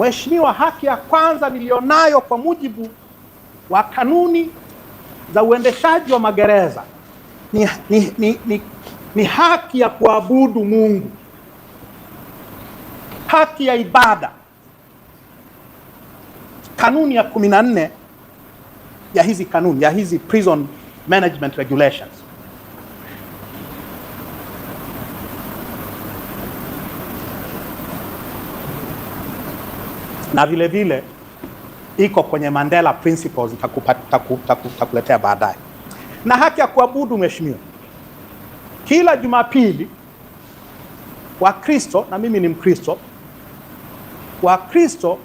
Mheshimiwa, haki ya kwanza niliyonayo kwa mujibu wa kanuni za uendeshaji wa magereza ni, ni, ni, ni, ni haki ya kuabudu Mungu, haki ya ibada. Kanuni ya 14 ya hizi kanuni ya hizi prison management regulations na vile vile iko kwenye Mandela Principles, nitakuletea baadaye. Na haki ya kuabudu, mheshimiwa, kila Jumapili Wakristo, na mimi ni Mkristo, Wakristo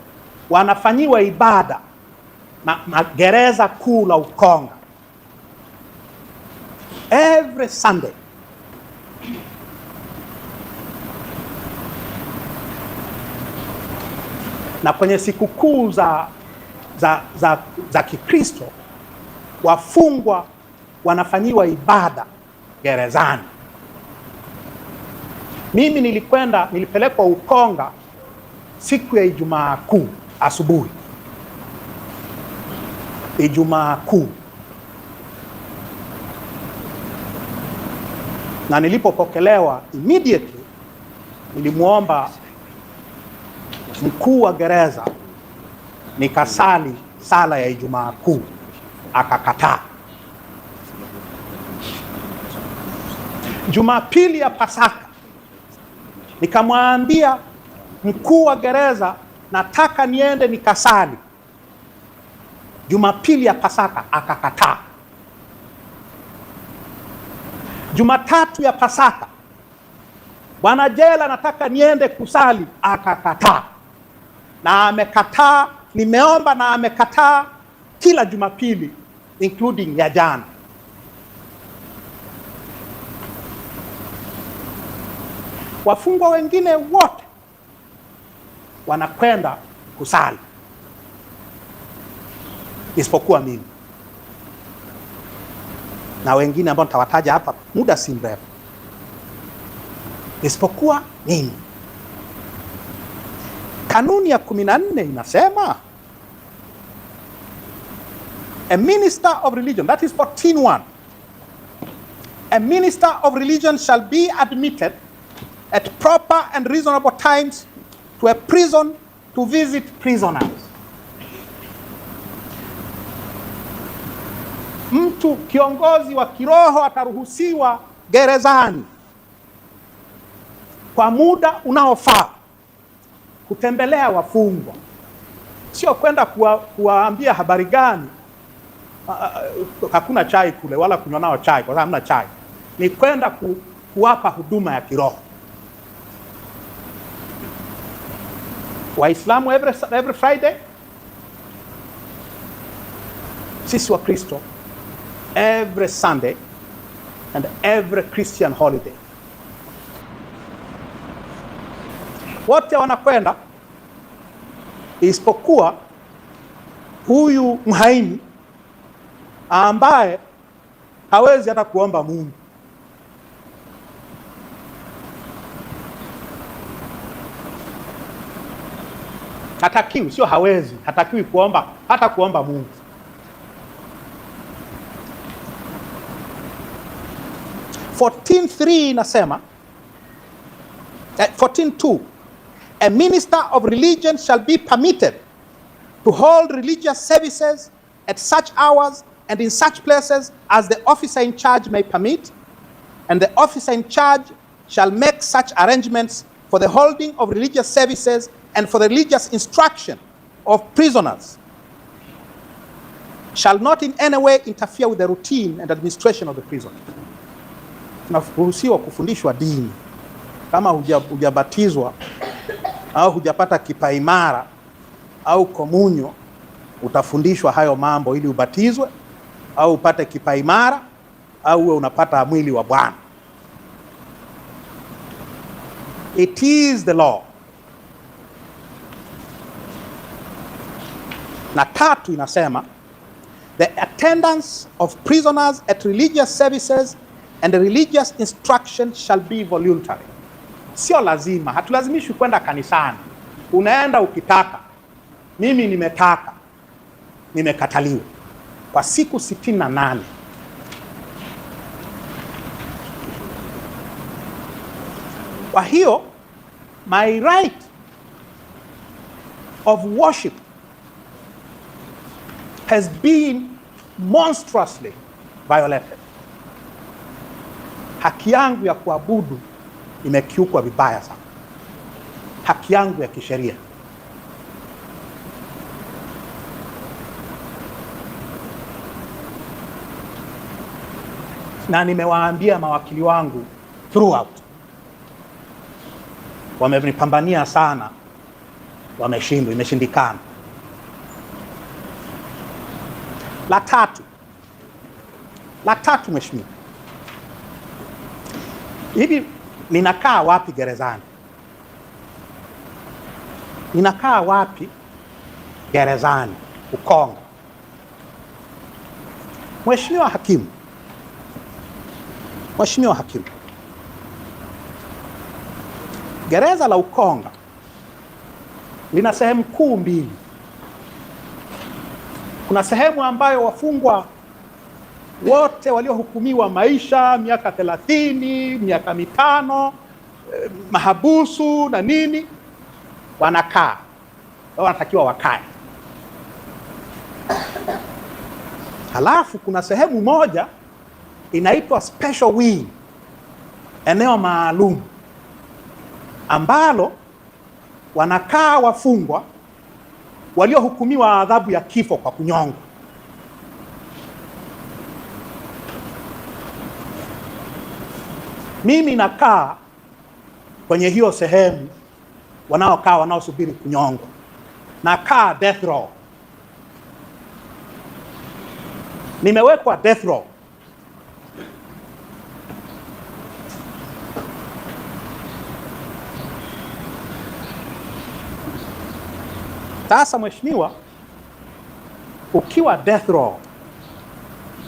wanafanyiwa ibada na magereza kuu la Ukonga every Sunday. na kwenye sikukuu za, za, za, za Kikristo wafungwa wanafanyiwa ibada gerezani. Mimi nilikwenda nilipelekwa Ukonga siku ya Ijumaa Kuu asubuhi, Ijumaa Kuu, na nilipopokelewa immediately nilimwomba mkuu wa gereza nikasali sala ya Ijumaa Kuu, akakataa. Jumapili ya Pasaka nikamwambia mkuu wa gereza, nataka niende nikasali Jumapili ya Pasaka, akakataa. Jumatatu ya Pasaka, bwana jela, nataka niende kusali, akakataa na amekataa, nimeomba na amekataa kila Jumapili including ya jana. Wafungwa wengine wote wanakwenda kusali isipokuwa mimi na wengine ambao nitawataja hapa muda si mrefu, isipokuwa mimi. Kanuni ya 14 inasema a minister of religion, that is 14.1, a minister of religion shall be admitted at proper and reasonable times to a prison to visit prisoners. Mtu kiongozi wa kiroho ataruhusiwa gerezani kwa muda unaofaa kutembelea wafungwa, sio kwenda kuwaambia kuwa habari gani. Uh, hakuna chai kule wala kunywa nao chai kwa sababu hamna chai, ni kwenda ku, kuwapa huduma ya kiroho Waislamu every, every Friday, sisi wa Kristo every Sunday and every Christian holiday. wote wanakwenda, isipokuwa huyu mhaini ambaye hawezi hata kuomba Mungu. Hatakiwi, sio hawezi, hatakiwi kuomba hata kuomba Mungu. Inasema 14:2 eh, a minister of religion shall be permitted to hold religious services at such hours and in such places as the officer in charge may permit, and the officer in charge shall make such arrangements for the holding of religious services and for the religious instruction of prisoners shall not in any way interfere with the routine and administration of the prison. Tunaruhusiwa kufundishwa dini kama hujabatizwa au hujapata kipaimara au komunyo, utafundishwa hayo mambo ili ubatizwe au upate kipaimara au uwe unapata mwili wa Bwana. It is the law. Na tatu inasema the attendance of prisoners at religious services and the religious instruction shall be voluntary sio lazima, hatulazimishi kwenda kanisani. Unaenda ukitaka. Mimi nimetaka, nimekataliwa kwa siku sitini na nane. Kwa hiyo my right of worship has been monstrously violated. Haki yangu ya kuabudu imekiukwa vibaya sana haki yangu ya kisheria. Na nimewaambia mawakili wangu throughout, wamenipambania sana, wameshindwa, imeshindikana. La tatu, la tatu mheshimiwa, hivi ninakaa wapi gerezani? Ninakaa wapi gerezani Ukonga? Mheshimiwa hakimu, Mheshimiwa hakimu, gereza la Ukonga lina sehemu kuu mbili. Kuna sehemu ambayo wafungwa wote waliohukumiwa maisha, miaka thelathini, miaka mitano, eh, mahabusu na nini, wanakaa wanatakiwa wakae. Halafu kuna sehemu moja inaitwa special wing, eneo maalum ambalo wanakaa wafungwa waliohukumiwa adhabu ya kifo kwa kunyongwa. Mimi nakaa kwenye hiyo sehemu wanaokaa wanaosubiri kunyongwa, nakaa death row, nimewekwa death row. Sasa mheshimiwa, ukiwa death row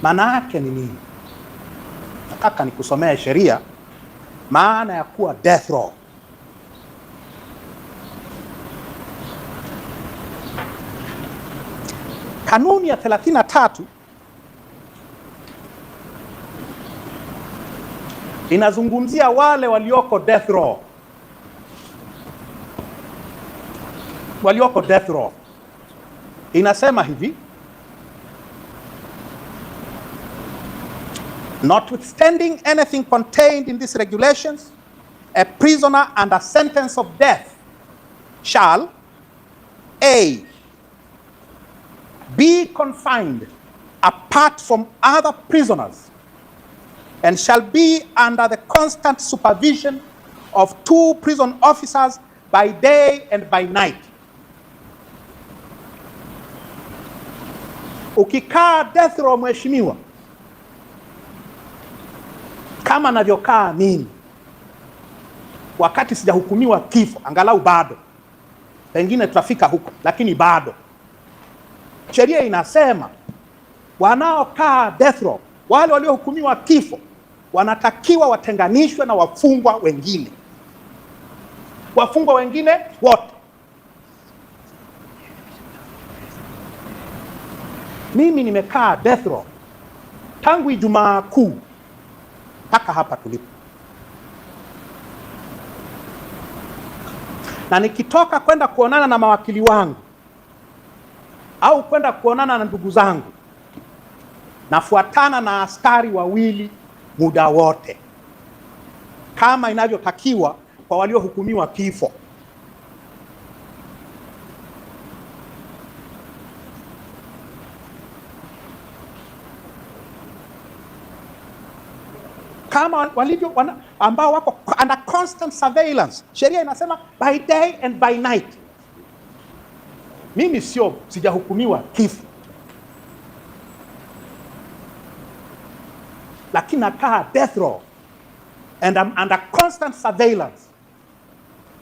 maana yake ni nini? Nataka nikusomea sheria maana ya kuwa death row. Kanuni ya 33 inazungumzia wale walioko death row, walioko death row inasema hivi Notwithstanding anything contained in these regulations, a prisoner under sentence of death shall A. Be confined apart from other prisoners and shall be under the constant supervision of two prison officers by day and by night. Ukikaa death row mheshimiwa kama navyokaa mimi, wakati sijahukumiwa kifo, angalau bado pengine tutafika huko, lakini bado sheria inasema wanaokaa death row, wale waliohukumiwa kifo wanatakiwa watenganishwe na wafungwa wengine, wafungwa wengine wote. Mimi nimekaa death row tangu Ijumaa Kuu mpaka hapa tulipo, na nikitoka kwenda kuonana na mawakili wangu au kwenda kuonana na ndugu zangu, nafuatana na askari wawili muda wote, kama inavyotakiwa kwa waliohukumiwa kifo. kama walivyo wana, ambao wako under constant surveillance. Sheria inasema by day and by night. Mimi sio sijahukumiwa kifo, lakini nakaa death row and I'm under constant surveillance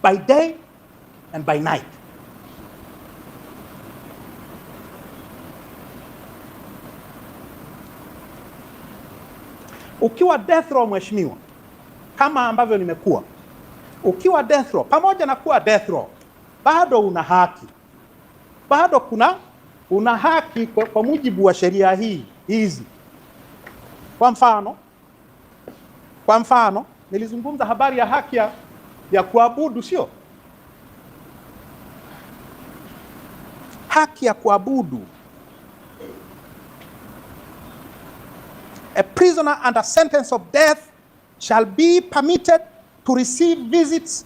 by day and by night. Ukiwa death row, mheshimiwa, kama ambavyo nimekuwa, ukiwa death row, pamoja na kuwa death row, bado una haki, bado kuna una haki kwa, kwa mujibu wa sheria hii hizi. Kwa mfano, kwa mfano nilizungumza habari ya haki ya, ya kuabudu, sio haki ya kuabudu a prisoner under sentence of death shall be permitted to receive visits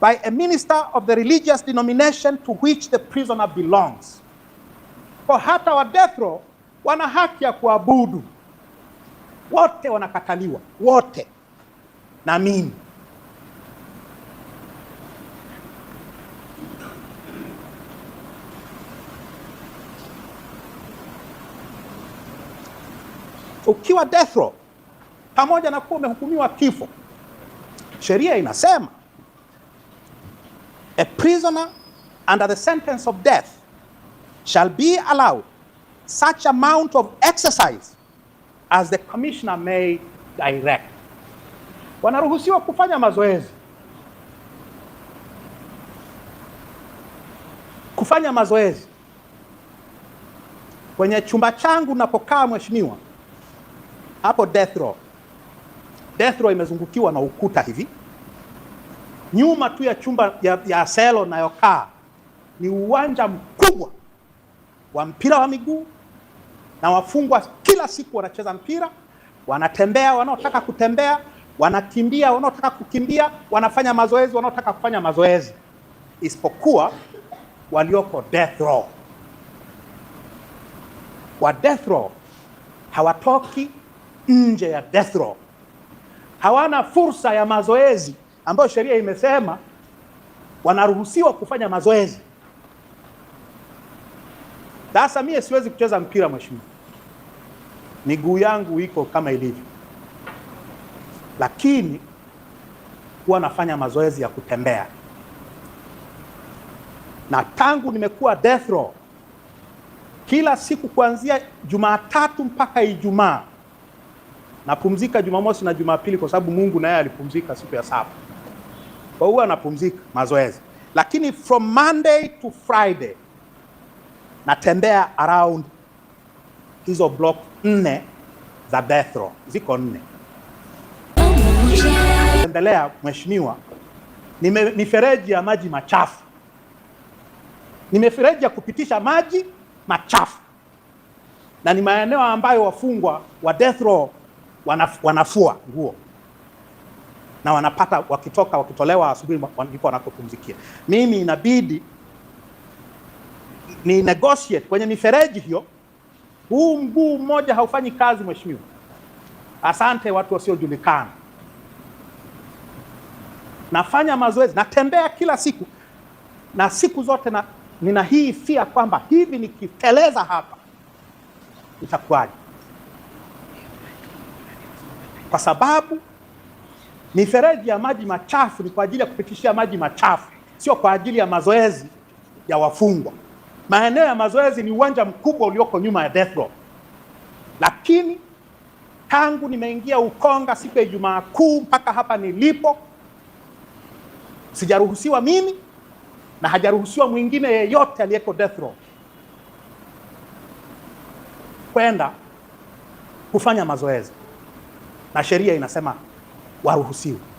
by a minister of the religious denomination to which the prisoner belongs. Kwa hata wa death row wana haki ya kuabudu. Wote wanakataliwa, wote na mimi ukiwa death row, pamoja na kuwa umehukumiwa kifo, sheria inasema a prisoner under the sentence of death shall be allowed such amount of exercise as the commissioner may direct. Wanaruhusiwa kufanya mazoezi, kufanya mazoezi kwenye chumba changu napokaa mheshimiwa hapo death row. Death row imezungukiwa na ukuta hivi, nyuma tu ya chumba ya, ya selo nayokaa ni uwanja mkubwa wa mpira wa miguu, na wafungwa kila siku wanacheza mpira, wanatembea wanaotaka kutembea, wanakimbia wanaotaka kukimbia, wanafanya mazoezi wanaotaka kufanya mazoezi, isipokuwa walioko death row. Wa death row hawatoki nje ya death row, hawana fursa ya mazoezi ambayo sheria imesema wanaruhusiwa kufanya mazoezi. Sasa mie siwezi kucheza mpira mheshimiwa, miguu yangu iko kama ilivyo, lakini huwa nafanya mazoezi ya kutembea, na tangu nimekuwa death row, kila siku kuanzia Jumatatu mpaka Ijumaa napumzika Jumamosi na Jumapili kwa sababu Mungu naye alipumzika siku ya saba, kwa hiyo anapumzika mazoezi, lakini from Monday to Friday natembea around hizo block nne za death row, ziko nne endelea. Mheshimiwa, nime mifereji ya maji machafu, ni ya kupitisha maji machafu, na ni maeneo ambayo wafungwa wa death row wanaf, wanafua nguo na wanapata wakitoka, wakitolewa asubuhi ndipo wanapopumzikia. Mimi inabidi ni negotiate kwenye mifereji hiyo, huu mguu mmoja haufanyi kazi mheshimiwa, asante watu wasiojulikana. Nafanya mazoezi, natembea kila siku na siku zote na, nina hii fia kwamba hivi nikiteleza hapa itakuwaje? kwa sababu mifereji ya maji machafu ni kwa ajili ya kupitishia maji machafu, sio kwa ajili ya mazoezi ya wafungwa. Maeneo ya mazoezi ni uwanja mkubwa ulioko nyuma ya death row, lakini tangu nimeingia Ukonga siku ya Ijumaa Kuu mpaka hapa nilipo, sijaruhusiwa mimi na hajaruhusiwa mwingine yeyote aliyeko death row kwenda kufanya mazoezi na sheria inasema waruhusiwe.